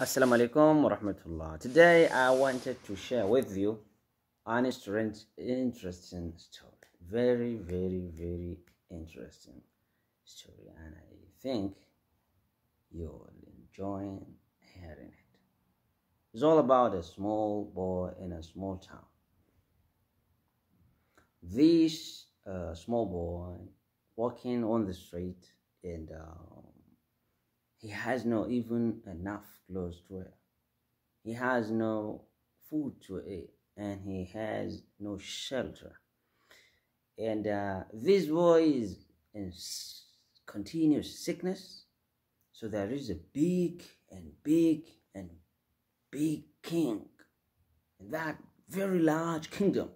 Assalamu alaikum wa Today I wanted to share with you an interesting story. Very, very, very interesting story. And I think you'll enjoy hearing it. It's all about a small boy in a small town. This uh, small boy walking on the street and uh, he has not even enough clothes to wear. He has no food to eat and he has no shelter. And uh, this boy is in continuous sickness. So there is a big and big and big king. And that very large kingdom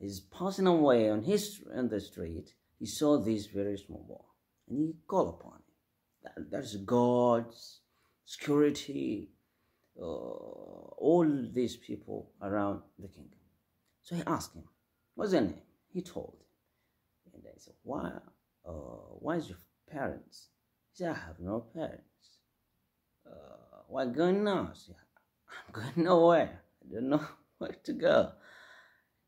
is passing away on his on the street. He saw this very small boy and he called upon it that's God's security, uh, all these people around the kingdom. So he asked him, What's your name? He told him. And I said, Why, uh, why is your parents? He said, I have no parents. Uh, why going now? Said, I'm going nowhere. I don't know where to go.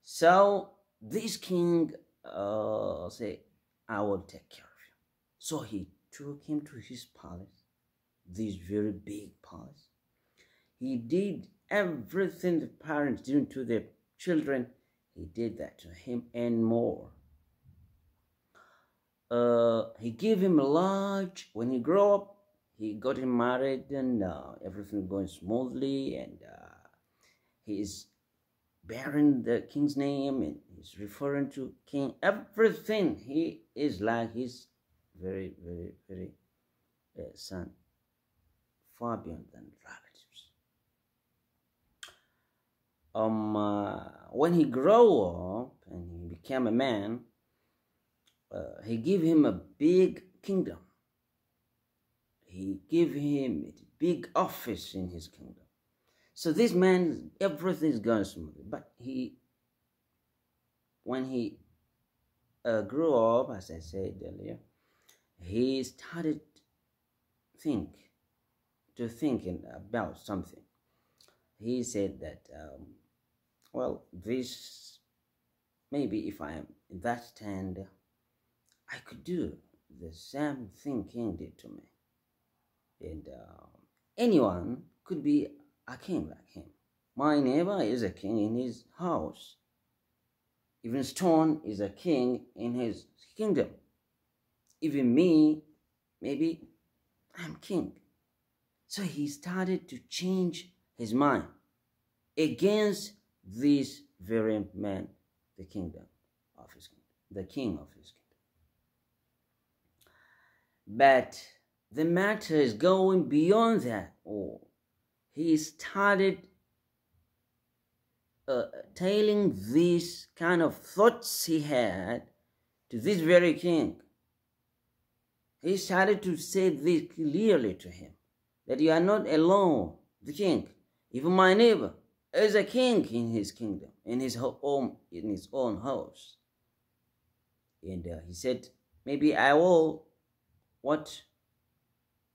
So this king uh, said, I will take care of you. So he took him to his palace, this very big palace. He did everything the parents did to their children. He did that to him and more. Uh, he gave him a large, when he grew up, he got him married and uh, everything going smoothly and uh, he's bearing the king's name and he's referring to king everything he is like his very, very, very uh, son, far beyond than relatives. Um, uh, when he grew up and he became a man, uh, he gave him a big kingdom. He gave him a big office in his kingdom. So this man, everything is going smoothly. But he, when he uh, grew up, as I said earlier, he started think to thinking about something he said that um, well this maybe if i am in that stand i could do the same thing king did to me and uh, anyone could be a king like him my neighbor is a king in his house even stone is a king in his kingdom even me, maybe I'm king. So he started to change his mind against this very man, the kingdom of his kingdom, the king of his kingdom. But the matter is going beyond that all. He started uh, tailing these kind of thoughts he had to this very king. He started to say this clearly to him, that you are not alone, the king. Even my neighbor is a king in his kingdom, in his home, in his own house. And uh, he said, maybe I will what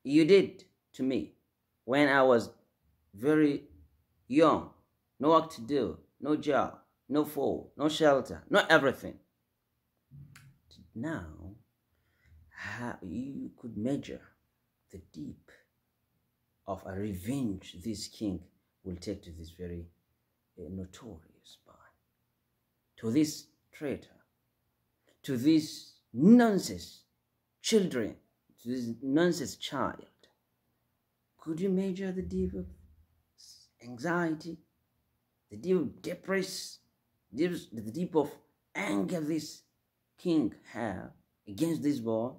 you did to me when I was very young, no work to do, no job, no food, no shelter, no everything. Now how you could measure the deep of a revenge this king will take to this very uh, notorious spy, to this traitor, to this nonsense children, to this nonsense child. Could you measure the deep of anxiety, the deep of depression, the deep of anger this king have against this boy?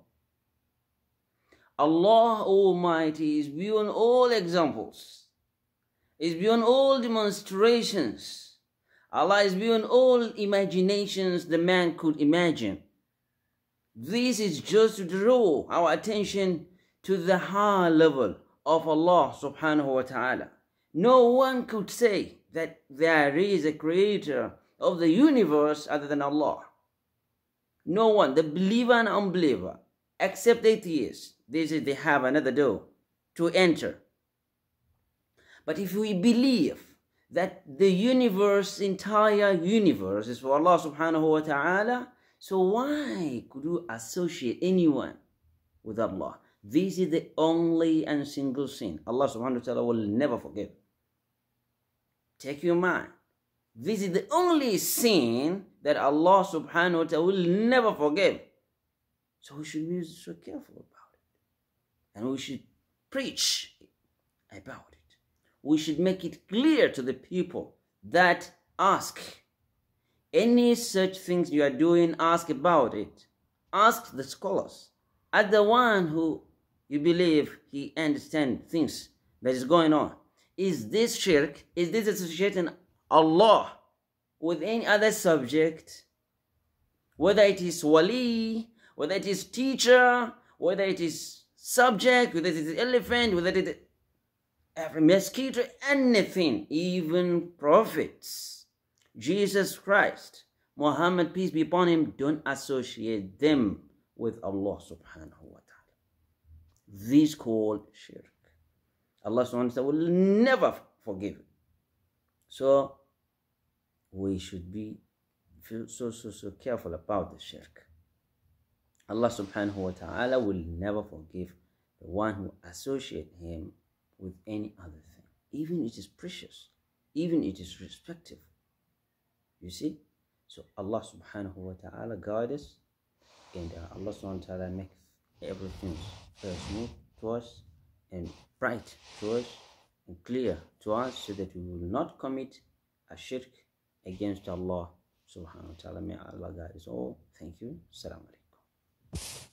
Allah Almighty is beyond all examples, is beyond all demonstrations. Allah is beyond all imaginations the man could imagine. This is just to draw our attention to the high level of Allah subhanahu wa ta'ala. No one could say that there is a creator of the universe other than Allah. No one, the believer and unbeliever, except atheists. This is they have another door to enter. But if we believe that the universe, entire universe, is for Allah subhanahu wa ta'ala, so why could you associate anyone with Allah? This is the only and single sin. Allah subhanahu wa ta'ala will never forgive. Take your mind. This is the only sin that Allah subhanahu wa ta'ala will never forgive. So we should be so careful about it. And we should preach about it. We should make it clear to the people that ask any such things you are doing, ask about it. Ask the scholars. Ask the one who you believe he understands things that is going on. Is this shirk? Is this associating Allah with any other subject? Whether it is wali whether it is teacher, whether it is subject, whether it is elephant, whether it is every mosquito, anything, even prophets. Jesus Christ, Muhammad, peace be upon him, don't associate them with Allah subhanahu wa ta'ala. This called shirk. Allah subhanahu wa ta'ala will never forgive. It. So we should be so so so careful about the shirk. Allah subhanahu wa ta'ala will never forgive the one who associate him with any other thing. Even it is precious. Even it is respective. You see? So Allah subhanahu wa ta'ala guide us and uh, Allah subhanahu wa ta'ala makes everything very smooth to us and bright to us and clear to us so that we will not commit a shirk against Allah subhanahu wa ta'ala. May Allah guide us all. Thank you. Assalamu alaikum you